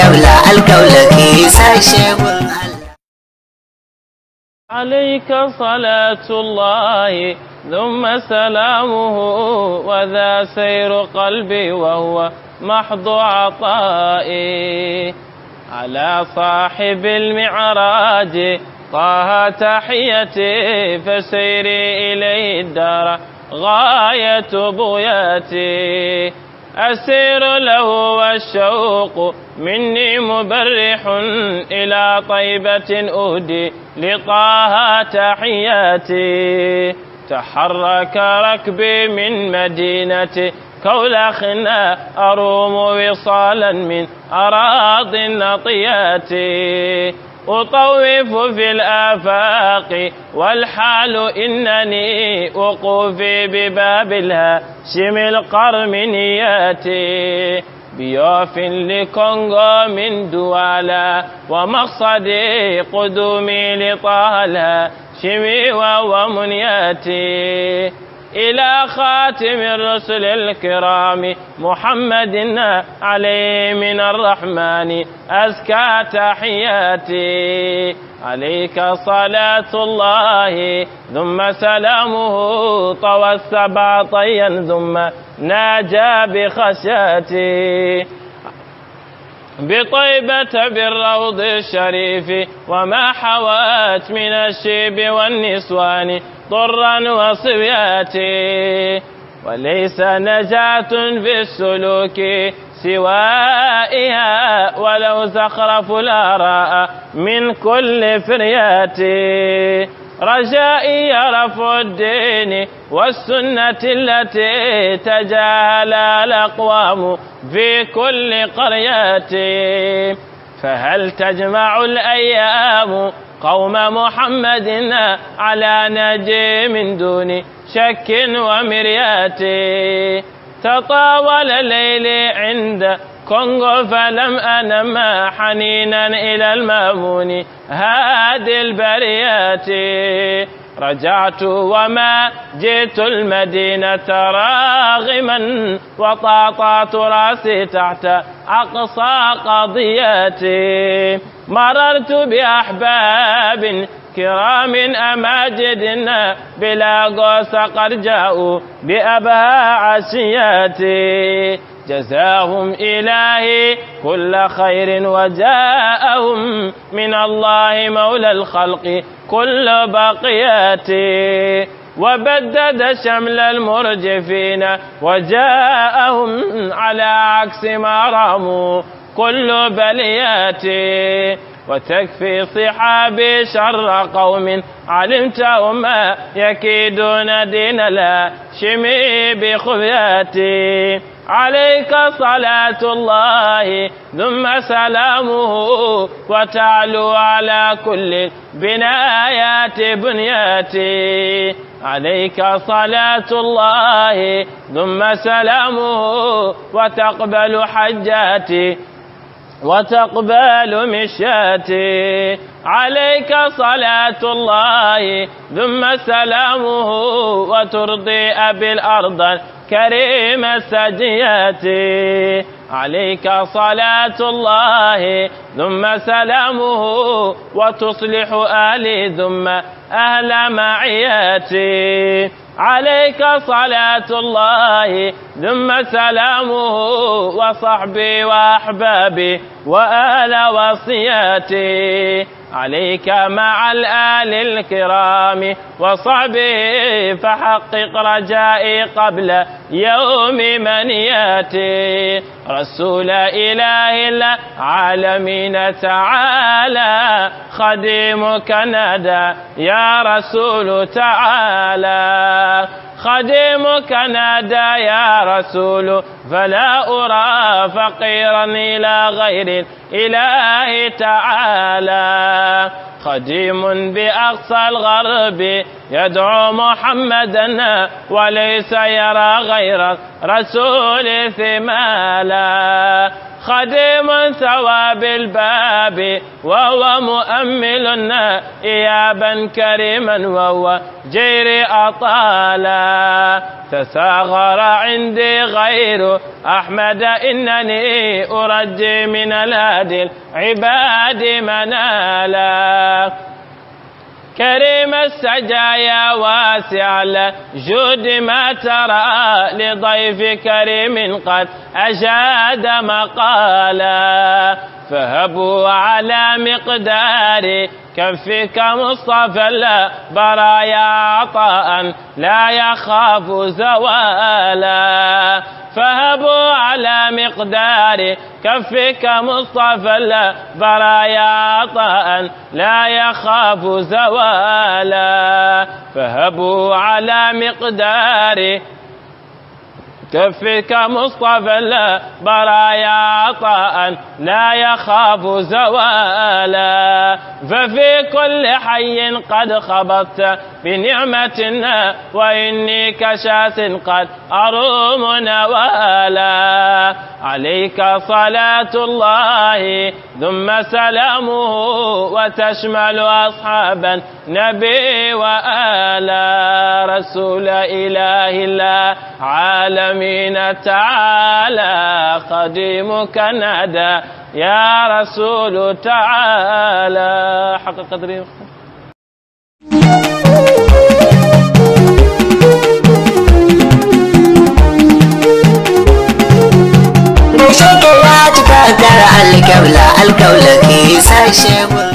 alkaula alkaula ke عليك صلاة الله ثم سلامه وذا سير قلبي وهو محض عطائي على صاحب المعراج طه تحيتي فسيري إليه الدار غاية بوياتي أسير له والشوق مني مبرح إلى طيبة أهدي لطه تحياتي تحرك ركبي من مدينتي كولخنا أروم وصالا من أراض نطياتي أطوف في الآفاق والحال إنني أقوف بباب الهاشم القرم نياتي بيوف لكونغو من دوالا ومقصدي قدومي لطالها شمي ومنياتي إلى خاتم الرسل الكرام محمد عليه من الرحمن أزكى تحياتي عليك صلاة الله ثم سلامه طوى السبع طيا ثم ناجى بخشاتي بطيبة بالروض الشريف وما حوات من الشيب والنسوان ضرا وصبيات وليس نجاة في السلوك سوائها ولو زخرف الآراء من كل فريات رجائي يا الدين والسنة التي تجاهل الأقوام في كل قرية فهل تجمع الأيام قوم محمد على نجي من دون شك ومريات تطاول الليل عند كونغو فلم أنم حنينا إلى المامون هاد البريات رجعت وما جئت المدينة راغما وطاطات راسي تحت أقصى قضياتي مررت بأحباب كرام أماجدنا بلا قوس قد جاءوا بأباء عشياتي جزاهم إلهي كل خير وجاءهم من الله مولى الخلق كل بقياتي وبدد شمل المرجفين وجاءهم على عكس ما رموا كل بلياتي وتكفي صحابي شر قوم علمتهم يكيدون دين لا شمي بخفياتي عليك صلاة الله ثم سلامه وتعلو على كل بنايات بنياتي عليك صلاة الله ثم سلامه وتقبل حجاتي وتقبل مشيتي عليك صلاة الله ثم سلامه وترضي أبي الأرض كريم سجيتي عليك صلاة الله ثم سلامه وتصلح آلي ثم أهل معيتي عليك صلاة الله ثم سلامه وصحبي وأحبابي وآل وصياتي عليك مع الآل الكرام وصحبه فحقق رجائي قبل يوم من ياتي رسول إله العالمين تعالى خديمك ندى يا رسول تعالى خديمك نادى يا رسول فلا أرى فقيرا إلى غير الإله تعالى خديم بأقصى الغرب يدعو محمدا وليس يرى غير رسول ثمالا خادم ثواب الباب وهو مؤملنا إيابا كريما وهو جير أطالا تساغر عندي غير أحمد إنني أرجي من الهدي العباد منالا كريم السجايا واسع جود ما ترى لضيف كريم قد أجاد مقالا فهبوا على مقدار كفك مصطفى البرايا عطاء لا يخاف زوالا فهبوا على مقدار كفك مصطفى البرايا عطاء لا يخاف زوالا فهبوا على مقدار كفك مصطفى لا برايا عطاء لا يخاف زوالا ففي كل حي قد خبطت بنعمة وإني كشاس قد أروم نوالا عليك صلاة الله ثم سلامه وتشمل أصحاب النبي وآل رسول إله الله عالمين تعالى قديمك ندى يا رسول تعالى حق قدري alkaula alkaula ke sashe gudu